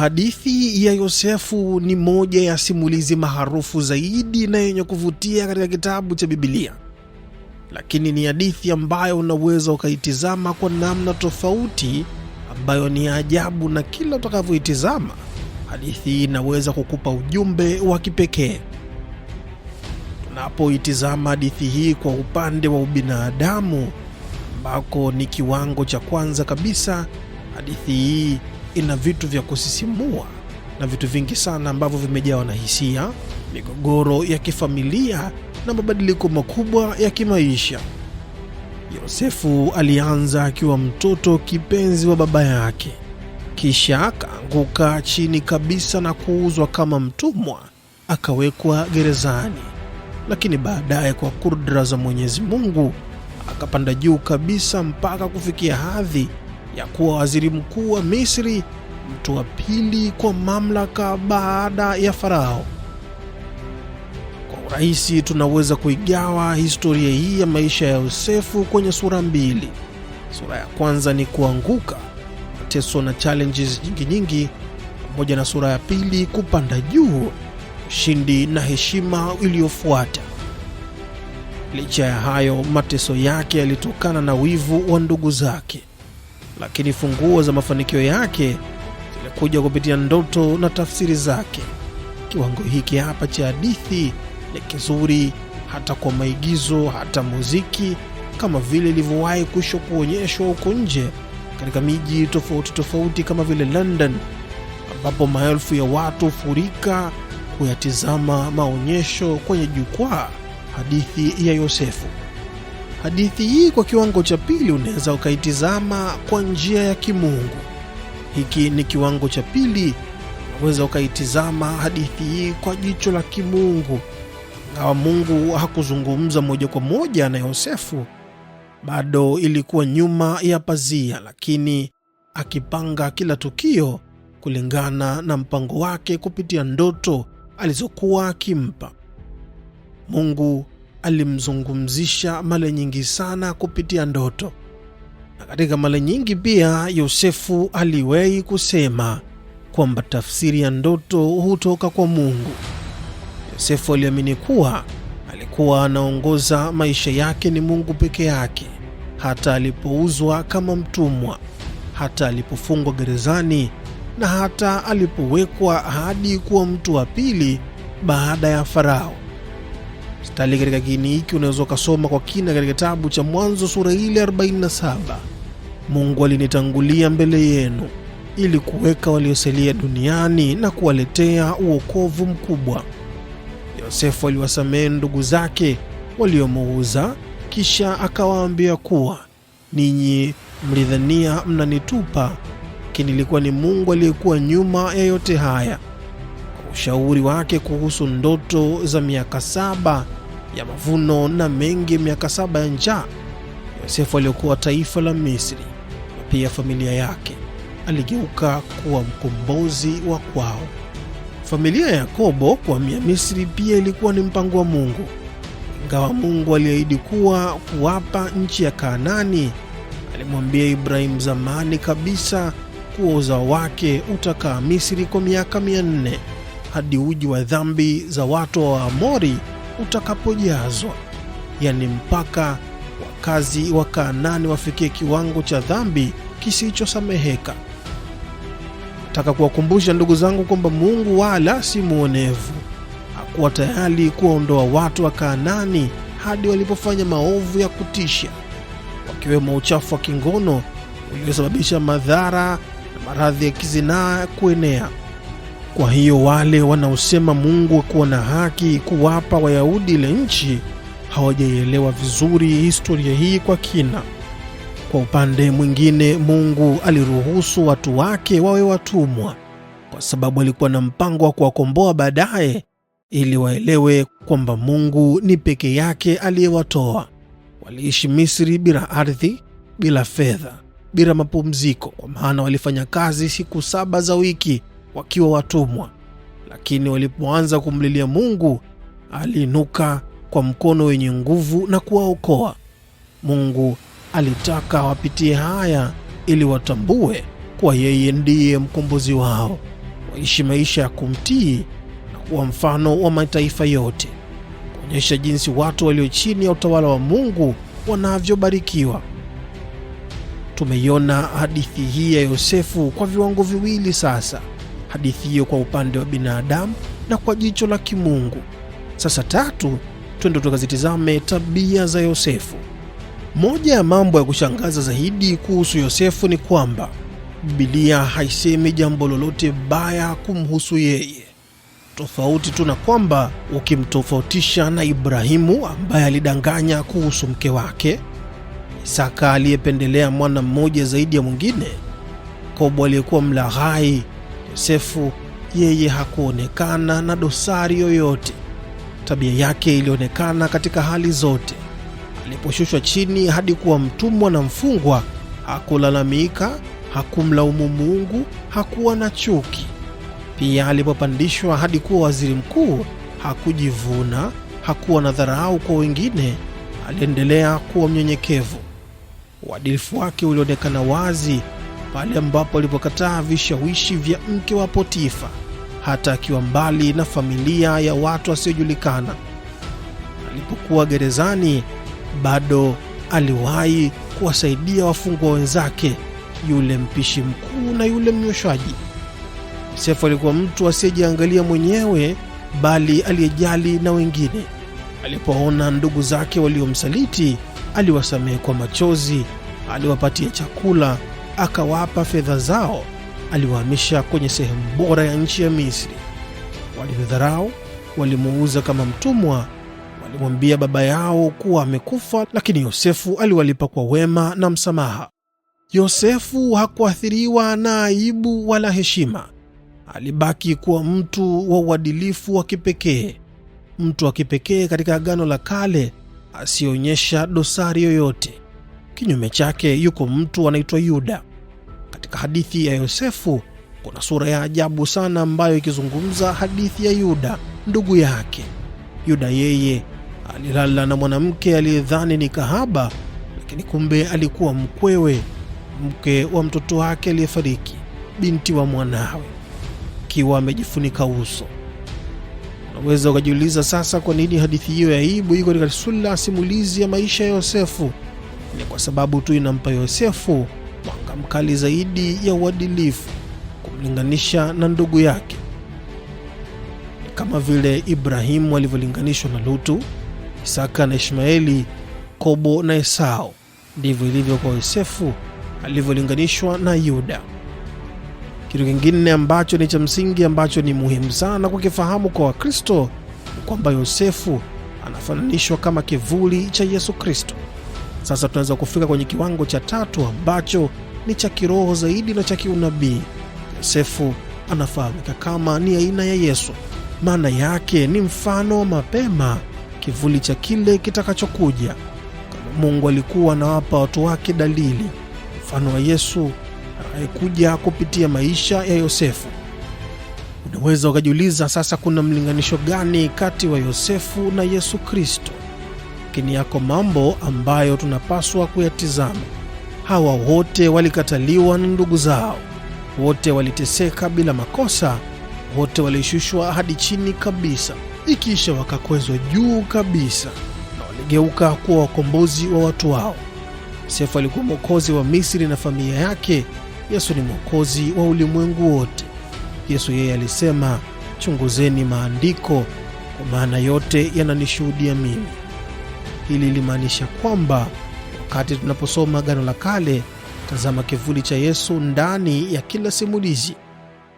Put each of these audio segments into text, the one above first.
Hadithi ya Yosefu ni moja ya simulizi maarufu zaidi na yenye kuvutia katika kitabu cha Biblia, lakini ni hadithi ambayo unaweza ukaitizama kwa namna tofauti, ambayo ni ajabu, na kila utakavyoitizama hadithi inaweza kukupa ujumbe wa kipekee. Tunapoitizama hadithi hii kwa upande wa ubinadamu, ambako ni kiwango cha kwanza kabisa, hadithi hii ina vitu vya kusisimua na vitu vingi sana ambavyo vimejawa na hisia, migogoro ya kifamilia na mabadiliko makubwa ya kimaisha. Yosefu alianza akiwa mtoto kipenzi wa baba yake, kisha akaanguka chini kabisa na kuuzwa kama mtumwa, akawekwa gerezani. Lakini baadaye kwa kudra za Mwenyezi Mungu akapanda juu kabisa mpaka kufikia hadhi ya kuwa waziri mkuu wa Misri, mtu wa pili kwa mamlaka baada ya Farao. Kwa urahisi tunaweza kuigawa historia hii ya maisha ya Yosefu kwenye sura mbili. Sura ya kwanza ni kuanguka, mateso na challenges nyingi nyingi, pamoja na sura ya pili kupanda juu, ushindi na heshima iliyofuata. Licha ya hayo, mateso yake yalitokana na wivu wa ndugu zake lakini funguo za mafanikio yake zilikuja kupitia ndoto na tafsiri zake. Kiwango hiki hapa cha hadithi ni kizuri hata kwa maigizo, hata muziki, kama vile ilivyowahi kuisha kuonyeshwa huko nje katika miji tofauti tofauti kama vile London, ambapo maelfu ya watu hufurika kuyatizama maonyesho kwenye jukwaa hadithi ya Yosefu. Hadithi hii kwa kiwango cha pili unaweza ukaitizama kwa njia ya kimungu. Hiki ni kiwango cha pili, unaweza ukaitizama hadithi hii kwa jicho la kimungu. Ingawa Mungu hakuzungumza moja kwa moja na Yosefu, bado ilikuwa nyuma ya pazia, lakini akipanga kila tukio kulingana na mpango wake kupitia ndoto alizokuwa akimpa Mungu alimzungumzisha mara nyingi sana kupitia ndoto, na katika mara nyingi pia Yosefu aliwahi kusema kwamba tafsiri ya ndoto hutoka kwa Mungu. Yosefu aliamini kuwa alikuwa anaongoza maisha yake ni Mungu peke yake, hata alipouzwa kama mtumwa, hata alipofungwa gerezani, na hata alipowekwa hadi kuwa mtu wa pili baada ya Farao. Stali katika kiini hiki unaweza ukasoma kwa kina katika kitabu cha Mwanzo sura ile 47: Mungu alinitangulia mbele yenu ili kuweka waliosalia duniani na kuwaletea uokovu mkubwa. Yosefu aliwasamehe ndugu zake waliomuuza, kisha akawaambia kuwa ninyi mlidhania mnanitupa, lakini ilikuwa ni Mungu aliyekuwa nyuma ya yote haya ushauri wake kuhusu ndoto za miaka saba ya mavuno na mengi miaka saba ya njaa. Yosefu aliokuwa taifa la Misri na pia familia yake aligeuka kuwa mkombozi wa kwao. Familia ya Yakobo kuhamia Misri pia ilikuwa ni mpango wa Mungu, ingawa Mungu aliahidi kuwa kuwapa nchi ya Kaanani. Alimwambia Ibrahimu zamani kabisa kuwa uzao wake utakaa Misri kwa miaka mia nne hadi uji wa dhambi za watu wa Amori utakapojazwa, yani mpaka wakazi wa Kanaani wafikie kiwango cha dhambi kisichosameheka. Nataka kuwakumbusha ndugu zangu kwamba Mungu wala si mwonevu. Hakuwa tayari kuwaondoa watu wa Kanaani hadi walipofanya maovu ya kutisha, wakiwemo uchafu wa kingono uliosababisha madhara na maradhi ya kizinaa kuenea. Kwa hiyo wale wanaosema Mungu kuwa na haki kuwapa Wayahudi ile nchi hawajaielewa vizuri historia hii kwa kina. Kwa upande mwingine, Mungu aliruhusu watu wake wawe watumwa kwa sababu alikuwa na mpango wa kuwakomboa baadaye, ili waelewe kwamba Mungu ni peke yake aliyewatoa. Waliishi Misri bila ardhi, bila fedha, bila mapumziko, kwa maana walifanya kazi siku saba za wiki wakiwa watumwa, lakini walipoanza kumlilia Mungu aliinuka kwa mkono wenye nguvu na kuwaokoa. Mungu alitaka wapitie haya ili watambue kuwa yeye ndiye mkombozi wao, waishi maisha ya kumtii na kuwa mfano wa mataifa yote, kuonyesha jinsi watu walio chini ya utawala wa Mungu wanavyobarikiwa. Tumeiona hadithi hii ya Yosefu kwa viwango viwili sasa hadithi hiyo kwa upande wa binadamu na kwa jicho la kimungu. Sasa tatu, twende tukazitizame tabia za Yosefu. Moja ya mambo ya kushangaza zaidi kuhusu Yosefu ni kwamba Biblia haisemi jambo lolote baya kumhusu yeye, tofauti tu na kwamba ukimtofautisha na Ibrahimu ambaye alidanganya kuhusu mke wake, Isaka aliyependelea mwana mmoja zaidi ya mwingine, kobo aliyekuwa mlaghai Yosefu yeye hakuonekana na dosari yoyote. Tabia yake ilionekana katika hali zote. Aliposhushwa chini hadi kuwa mtumwa na mfungwa, hakulalamika, hakumlaumu Mungu, hakuwa na chuki. Pia alipopandishwa hadi kuwa waziri mkuu, hakujivuna, hakuwa na dharau kwa wengine. Aliendelea kuwa mnyenyekevu. Uadilifu wake ulionekana wazi pale ambapo alipokataa vishawishi vya mke wa Potifa, hata akiwa mbali na familia ya watu wasiojulikana. Alipokuwa gerezani, bado aliwahi kuwasaidia wafungwa wenzake, yule mpishi mkuu na yule mnyoshaji. yosefu alikuwa mtu asiyejiangalia mwenyewe, bali aliyejali na wengine. Alipoona ndugu zake waliomsaliti, aliwasamehe kwa machozi, aliwapatia chakula akawapa fedha zao, aliwahamisha kwenye sehemu bora ya nchi ya Misri. Walivyodharau, walimuuza kama mtumwa. Walimwambia baba yao kuwa amekufa, lakini Yosefu aliwalipa kwa wema na msamaha. Yosefu hakuathiriwa na aibu wala heshima. Alibaki kuwa mtu wa uadilifu wa kipekee, mtu wa kipekee katika Agano la Kale asiyeonyesha dosari yoyote. Kinyume chake yuko mtu anaitwa Yuda katika hadithi ya Yosefu kuna sura ya ajabu sana ambayo ikizungumza hadithi ya Yuda ndugu yake. Yuda yeye alilala na mwanamke aliyedhani ni kahaba, lakini kumbe alikuwa mkwewe, mke wa mtoto wake aliyefariki, binti wa mwanawe, akiwa amejifunika uso. Unaweza ukajiuliza sasa, kwa nini hadithi hiyo ya aibu iko katika sura simulizi ya maisha ya Yosefu? Ni kwa sababu tu inampa Yosefu mwanga mkali zaidi ya uadilifu kumlinganisha na ndugu yake, kama vile Ibrahimu alivyolinganishwa na Lutu, Isaka na Ishmaeli, Kobo na Esau. Ndivyo ilivyo kwa Yosefu alivyolinganishwa na Yuda. Kitu kingine ambacho ni cha msingi ambacho ni muhimu sana kukifahamu kwa Wakristo ni kwamba Yosefu anafananishwa kama kivuli cha Yesu Kristo. Sasa tunaweza kufika kwenye kiwango cha tatu ambacho ni cha kiroho zaidi na cha kiunabii. Yosefu anafahamika kama ni aina ya Yesu, maana yake ni mfano wa mapema, kivuli cha kile kitakachokuja. Kama Mungu alikuwa anawapa watu wake dalili, mfano wa Yesu anayekuja kupitia maisha ya Yosefu. Unaweza ukajiuliza sasa, kuna mlinganisho gani kati wa Yosefu na Yesu Kristo? Lakini yako mambo ambayo tunapaswa kuyatizama. Hawa wote walikataliwa na ndugu zao, wote waliteseka bila makosa, wote walishushwa hadi chini kabisa, ikiisha wakakwezwa juu kabisa, na waligeuka kuwa wakombozi wa watu wao. sefu alikuwa mwokozi wa Misri na familia yake. Yesu ni mwokozi wa ulimwengu wote. Yesu yeye alisema, chunguzeni maandiko kwa maana yote yananishuhudia mimi. Hili limaanisha kwamba Wakati tunaposoma Agano la Kale, tazama kivuli cha Yesu ndani ya kila simulizi.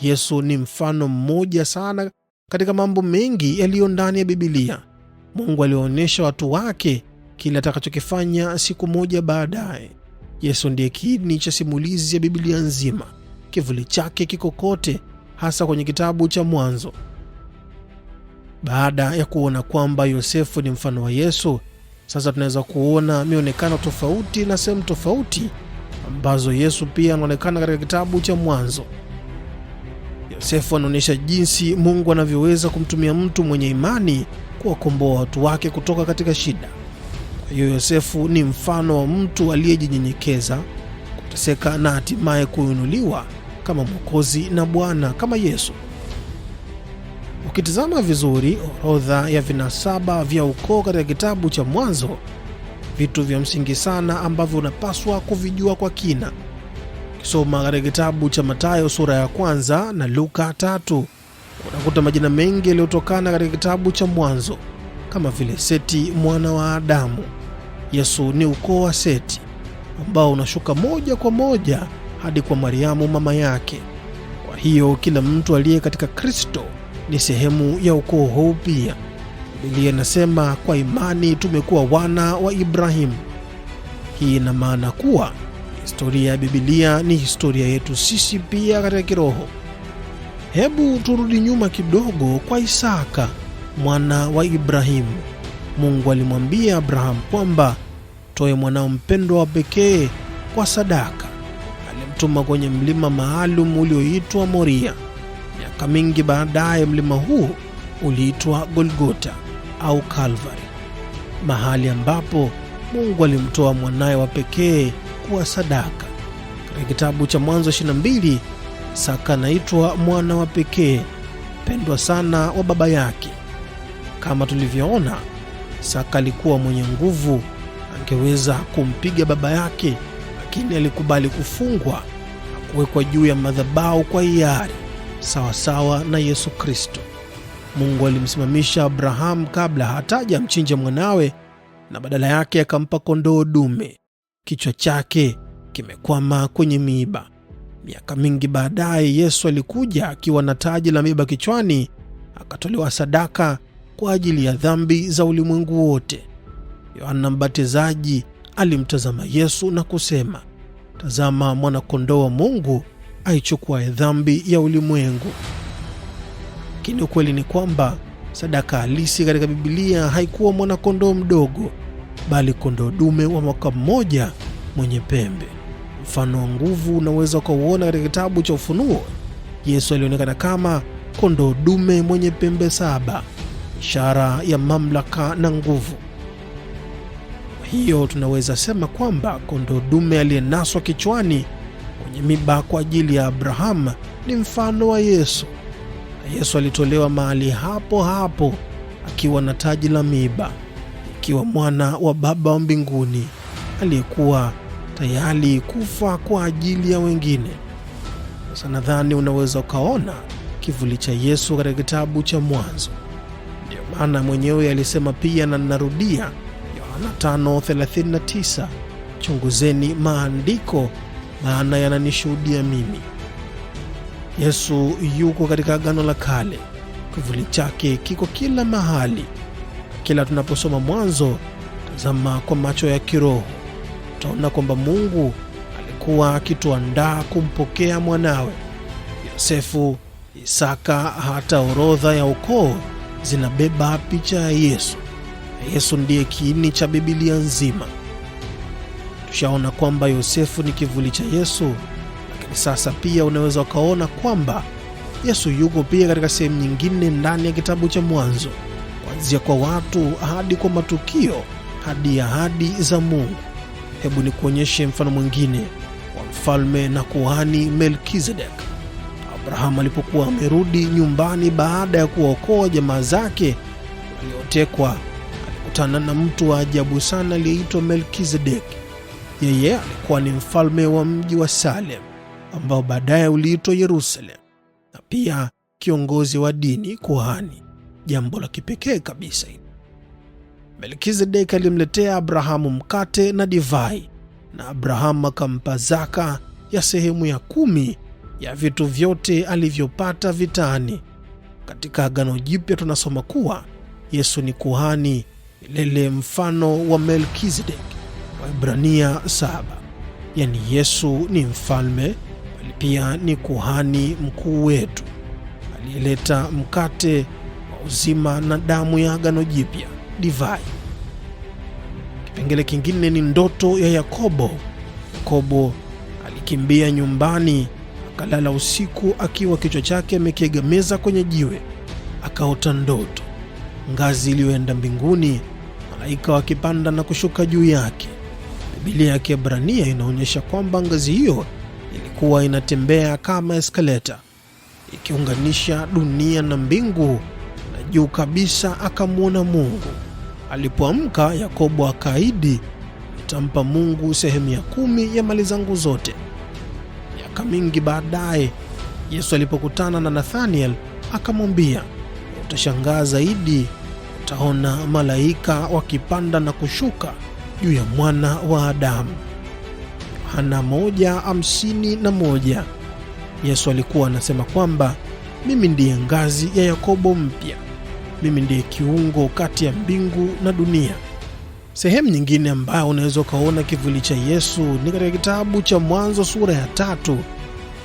Yesu ni mfano mmoja sana katika mambo mengi yaliyo ndani ya Bibilia. Mungu aliwaonyesha watu wake kile atakachokifanya siku moja baadaye. Yesu ndiye kiini cha simulizi ya Bibilia nzima. Kivuli chake kiko kote, hasa kwenye kitabu cha Mwanzo. Baada ya kuona kwamba Yosefu ni mfano wa Yesu, sasa tunaweza kuona mionekano tofauti na sehemu tofauti ambazo Yesu pia anaonekana katika kitabu cha Mwanzo. Yosefu anaonyesha jinsi Mungu anavyoweza kumtumia mtu mwenye imani kuwakomboa watu wake kutoka katika shida. Kwa hiyo, Yosefu ni mfano wa mtu aliyejinyenyekeza, kuteseka na hatimaye kuinuliwa kama Mwokozi na Bwana kama Yesu. Ukitizama vizuri orodha ya vinasaba vya ukoo katika kitabu cha Mwanzo, vitu vya msingi sana ambavyo unapaswa kuvijua kwa kina. Ukisoma katika kitabu cha Mathayo sura ya kwanza na Luka tatu unakuta majina mengi yaliyotokana katika kitabu cha Mwanzo kama vile Seti mwana wa Adamu. Yesu ni ukoo wa Seti ambao unashuka moja kwa moja hadi kwa Mariamu mama yake. Kwa hiyo kila mtu aliye katika Kristo ni sehemu ya ukoo huu pia. Biblia inasema kwa imani tumekuwa wana wa Ibrahimu. Hii ina maana kuwa historia ya Biblia ni historia yetu sisi pia katika kiroho. Hebu turudi nyuma kidogo kwa Isaka mwana wa Ibrahimu. Mungu alimwambia Abrahamu kwamba toe mwanao mpendwa wa pekee kwa sadaka. Alimtuma kwenye mlima maalum ulioitwa Moria. Miaka mingi baadaye, mlima huu uliitwa Golgota au Kalvari, mahali ambapo Mungu alimtoa mwanaye wa pekee kuwa sadaka. Katika kitabu cha Mwanzo 22, Isaka anaitwa mwana wa pekee pendwa sana wa baba yake. Kama tulivyoona, Isaka alikuwa mwenye nguvu, angeweza kumpiga baba yake, lakini alikubali kufungwa na kuwekwa juu ya madhabahu kwa hiari sawasawa na Yesu Kristo. Mungu alimsimamisha Abrahamu kabla hataja mchinje mwanawe, na badala yake akampa kondoo dume, kichwa chake kimekwama kwenye miiba. Miaka mingi baadaye, Yesu alikuja akiwa na taji la miiba kichwani, akatolewa sadaka kwa ajili ya dhambi za ulimwengu wote. Yohana Mbatizaji alimtazama Yesu na kusema, tazama mwana kondoo wa Mungu aichukuaye dhambi ya ulimwengu. Lakini ukweli ni kwamba sadaka halisi katika Bibilia haikuwa mwanakondoo mdogo, bali kondoo dume wa mwaka mmoja mwenye pembe. Mfano wa nguvu unaweza ukauona katika kitabu cha Ufunuo. Yesu alionekana kama kondoo dume mwenye pembe saba, ishara ya mamlaka na nguvu. Kwa hiyo tunaweza sema kwamba kondoo dume aliyenaswa kichwani kwenye miba kwa ajili ya Abrahamu ni mfano wa Yesu. Yesu alitolewa mahali hapo hapo akiwa na taji la miba, ikiwa mwana wa Baba wa mbinguni aliyekuwa tayari kufa kwa ajili ya wengine. Sasa nadhani unaweza ukaona kivuli cha Yesu katika kitabu cha Mwanzo. Ndiyo maana mwenyewe alisema pia, na ninarudia, Yohana 5:39, chunguzeni maandiko na yananishuhudia mimi. Yesu yuko katika Agano la Kale, kivuli chake kiko kila mahali. Kila tunaposoma Mwanzo, tazama kwa macho ya kiroho, tutaona kwamba Mungu alikuwa akituandaa kumpokea mwanawe Yosefu. Isaka, hata orodha ya ukoo zinabeba picha ya Yesu. Yesu ndiye kiini cha Biblia nzima. Ushaona kwamba Yosefu ni kivuli cha Yesu, lakini sasa pia unaweza ukaona kwamba Yesu yuko pia katika sehemu nyingine ndani ya kitabu cha Mwanzo, kuanzia kwa watu hadi kwa matukio hadi ahadi za Mungu. Hebu ni kuonyeshe mfano mwingine wa mfalme na kuhani Melkizedek. Abrahamu alipokuwa amerudi nyumbani baada ya kuwaokoa jamaa zake waliotekwa, alikutana na mtu wa ajabu sana aliyeitwa Melkizedeki. Yeye alikuwa ni mfalme wa mji wa Salem ambao baadaye uliitwa yerusalem na pia kiongozi wa dini kuhani, jambo la kipekee kabisa. Melkizedeki alimletea Abrahamu mkate na divai, na Abrahamu akampa zaka ya sehemu ya kumi ya vitu vyote alivyopata vitani. Katika Agano Jipya tunasoma kuwa Yesu ni kuhani milele, mfano wa Melkizedeki. Waebrania saba. Yaani Yesu ni mfalme, bali pia ni kuhani mkuu wetu aliyeleta mkate wa uzima na damu ya agano jipya, divai. Kipengele kingine ni ndoto ya Yakobo. Yakobo alikimbia nyumbani, akalala usiku akiwa kichwa chake amekiegemeza kwenye jiwe, akaota ndoto, ngazi iliyoenda mbinguni, malaika wakipanda na kushuka juu yake. Biblia ya Kiebrania inaonyesha kwamba ngazi hiyo ilikuwa inatembea kama eskaleta ikiunganisha dunia na mbingu, na juu kabisa akamwona Mungu. Alipoamka Yakobo akaahidi, nitampa Mungu sehemu ya kumi ya mali zangu zote. Miaka mingi baadaye, Yesu alipokutana na Nathaniel akamwambia, utashangaa zaidi, utaona malaika wakipanda na kushuka juu ya mwana wa Adamu. Yohana moja hamsini na moja. Yesu alikuwa anasema kwamba mimi ndiye ngazi ya Yakobo mpya, mimi ndiye kiungo kati ya mbingu na dunia. Sehemu nyingine ambayo unaweza ukaona kivuli cha Yesu ni katika kitabu cha Mwanzo sura ya tatu.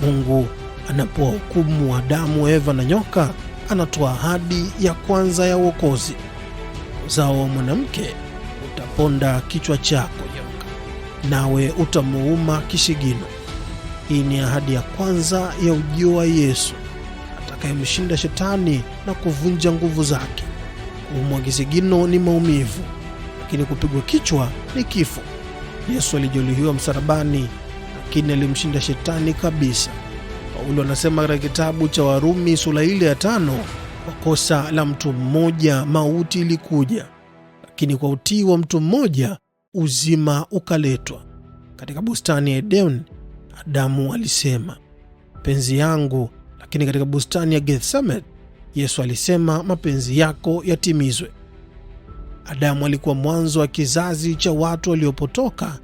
Mungu anapohukumu Adamu, Eva na nyoka, anatoa ahadi ya kwanza ya uokozi, uzao wa mwanamke utaponda kichwa chako nyoka, nawe utamuuma kisigino. Hii ni ahadi ya kwanza ya ujio wa Yesu atakayemshinda shetani na kuvunja nguvu zake. Kuumwa kisigino ni maumivu, lakini kupigwa kichwa ni kifo. Yesu alijeruhiwa msalabani, lakini alimshinda shetani kabisa. Paulo anasema katika kitabu cha Warumi sura ile ya tano, kwa kosa la mtu mmoja mauti ilikuja lakini kwa utii wa mtu mmoja uzima ukaletwa. Katika bustani ya Edeni Adamu alisema penzi yangu, lakini katika bustani ya Gethsemane Yesu alisema mapenzi yako yatimizwe. Adamu alikuwa mwanzo wa kizazi cha watu waliopotoka,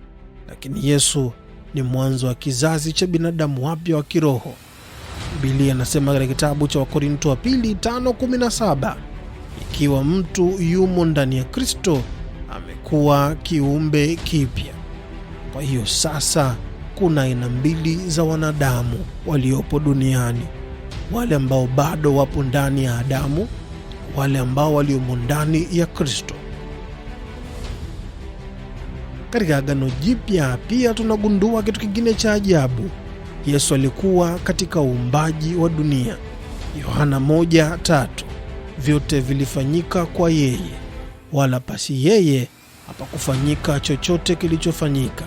lakini Yesu ni mwanzo wa kizazi cha binadamu wapya wa kiroho. Biblia inasema katika kitabu cha Wakorinto wa pili 5:17 ikiwa mtu yumo ndani ya Kristo, amekuwa kiumbe kipya. Kwa hiyo sasa kuna aina mbili za wanadamu waliopo duniani: wale ambao bado wapo ndani ya Adamu, wale ambao waliomo ndani ya Kristo. Katika Agano Jipya pia tunagundua kitu kingine cha ajabu. Yesu alikuwa katika uumbaji wa dunia, Yohana 1:3 vyote vilifanyika kwa yeye, wala pasi yeye hapakufanyika chochote kilichofanyika.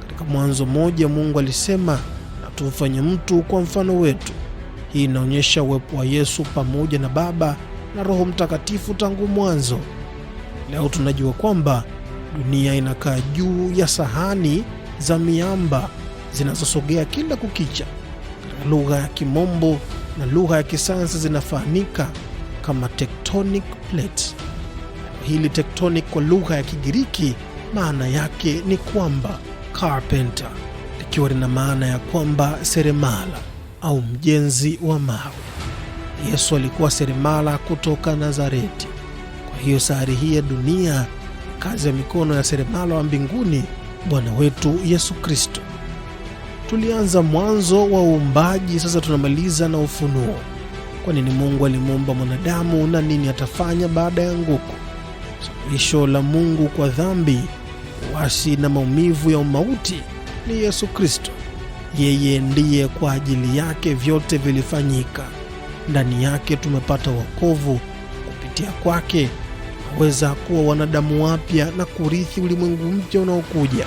Katika Mwanzo moja Mungu alisema, na tumfanye mtu kwa mfano wetu. Hii inaonyesha uwepo wa Yesu pamoja na Baba na Roho Mtakatifu tangu mwanzo. Leo tunajua kwamba dunia inakaa juu ya sahani za miamba zinazosogea kila kukicha. Katika lugha ya Kimombo na lugha ya kisayansi zinafahamika kama tectonic plate. Hili tectonic kwa lugha ya Kigiriki maana yake ni kwamba carpenter, likiwa lina maana ya kwamba seremala au mjenzi wa mawe. Yesu alikuwa seremala kutoka Nazareti. Kwa hiyo sayari hii ya dunia, kazi ya mikono ya seremala wa mbinguni, Bwana wetu Yesu Kristo. Tulianza mwanzo wa uumbaji, sasa tunamaliza na Ufunuo. Kwa nini Mungu alimuumba mwanadamu na nini atafanya baada ya nguku? Suluhisho la Mungu kwa dhambi, wasi na maumivu ya umauti ni Yesu Kristo. Yeye ndiye kwa ajili yake vyote vilifanyika. Ndani yake tumepata wokovu. Kupitia kwake tunaweza kuwa wanadamu wapya na kurithi ulimwengu mpya unaokuja.